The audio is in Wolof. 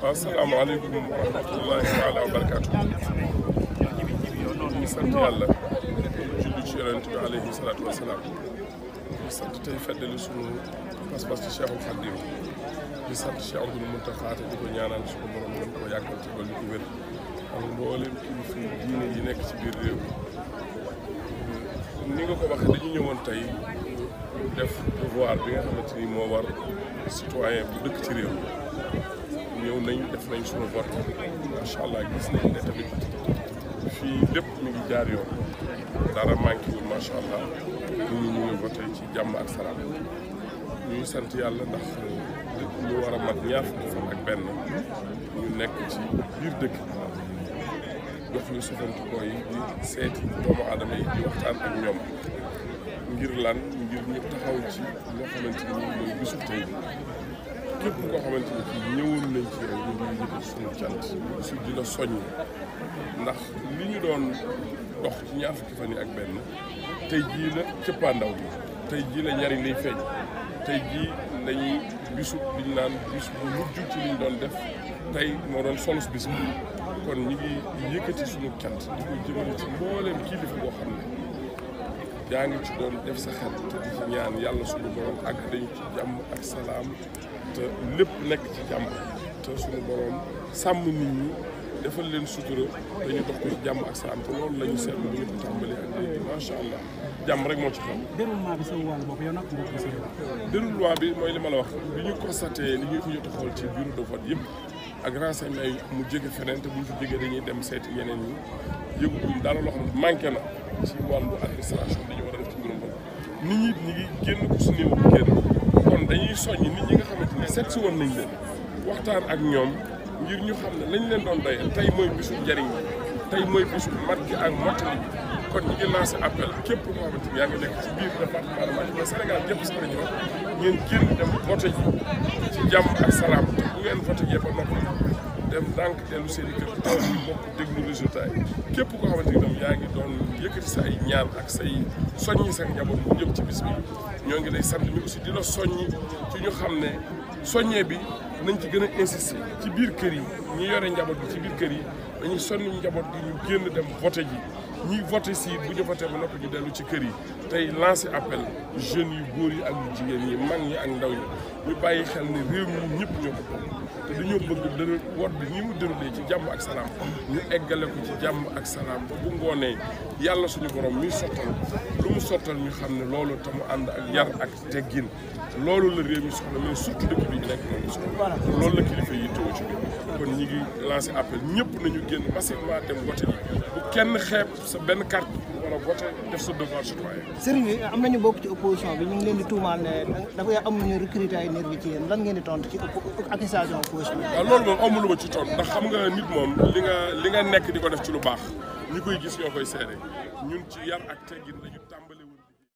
waaw salaamaaleykum wa rahmatullahi taala wa barakaatu ñu sant yàlla julli ci yonent bi sant tey feddali sunu pas-pas ci Cheikhul Khadim di sant Cheikh Abdoul Mountakha te di ko ñaanal suñu borom mën koo yàggal ci dolli ko wér ak mboolem kilifa diine yi nekk ci biir réew ni nga ko dañu ñëwoon tey def devoir bi nga xamante ni moo war citoyen bu dëkk ci ñëw nañ def nañ suñu vote macha allah gis nañ ne tamit fii lépp mi ngi jaar yoon dara manqué wul macha allah ñu ñu ngi voté ci jàmm ak salaam ñuy sant yàlla ndax ñu war a mat nekk ci biir dëkk yi doomu aadama yi di waxtaan ak ñoom. ngir lan ngir ñu taxaw ci loo xamante ni mooy bisu tey bi képp koo xamante ni fii ñëwoon nañ ci yow ñu ngi yëkkati suñu cant li doon dox ci yi ak benn tey jii la cëppaandaw bi tey jii la njariñ liy feeñ tey jii lañuy bisu liñ naan bis mujj ci liñ doon def tey moo doon solus bis bi kon ñi ngi yëkkati suñu cant di ko jëmale ci mbooleem kilifa boo xam ne yaa ngi ci doon def sa xel te di ci ñaan yàlla suñu borom ak dañu ci jàmm ak salaam te lépp nekk ci jàmm te suñu borom sàmm nit ñi defal leen sutura dañu dox ko jàmm ak salaam te loolu la ñu seetlu bu ñu ko tàmbalee ak léegi macha allah jàmm rek moo ci xam. déroulement bi sa wàll bopp yow nag déroulement bi mooy li ma la wax bi ñu constaté li ñu ko jot a xool ci bureau de yëpp. ak renseignement yi mu jóge feneen te bu ñu fi dañuy dem seeti yeneen yi yëguñu daal loo xam ne manqué na ci wàllu administration dañu war a def ci mbirum boobu. nit ñi ñu ngi génn ku si néew génn kon dañuy soññ nit ñi nga xamante ne seet si woon nañ leen waxtaan ak ñoom ngir ñu xam ne lañu leen doon doyal tey mooy bisu njariñ tey mooy bisu mat gi ak mottali bi kon ñu ngi lancé appel képp koo xamante ni yaa ngi de Mbacké Sénégal génn dem vote ji ci jàmm ak salaam. dellu Fatick yëpp a noppal dem ndànk dellu seen i kër taw yi képp koo yaa ngi doon yëkkati sa ay sa njaboot bu jëm ci bis bi ñoo ngi lay sant aussi di la soññi ci ñu xam ne soññee bi nañ ci gën a ci biir kër yi ñu njaboot bi ci biir kër yi dañuy sonn njaboot gi génn dem voté ji ñuy voté bu ñu voté ba noppi ñu dellu ci kër yi tey lancé appel jeunes yu góor yi ak yu jigéen yi man ñi ak ndaw ñi ñu bàyyi xel ne réew mi ñëpp ñoo ko te dañoo bëgg dana woor bi ni mu déroulé ci jàmm ak salaam ñu eggale ko ci jàmm ak salaam ba bu ngoonee yàlla suñu borom muy sottal lu mu sottal ñu xam ne loolu te mu ànd ak yar ak teggin loolu la réew mi soxla mais surtout dëkk bi ñu nekk loolu soxla loolu la kilifa yi yittewoo ci biir kon ñi ngi lancé appel ñëpp nañu génn massivement dem voté yi bu kenn xeeb sa benn carte war a voté def bokk ci opposition bi ñu ngi di tuumaal ne dafa am ñu recruter ay nervi ci yéen lan ci accusation opposition bi. waaw ah, moom amul lu ma ci tontu ndax xam nga nit moom li nga nekk di ko def ci lu baax ñi koy gis ñoo koy seede ñun ci yar ak teggin lañu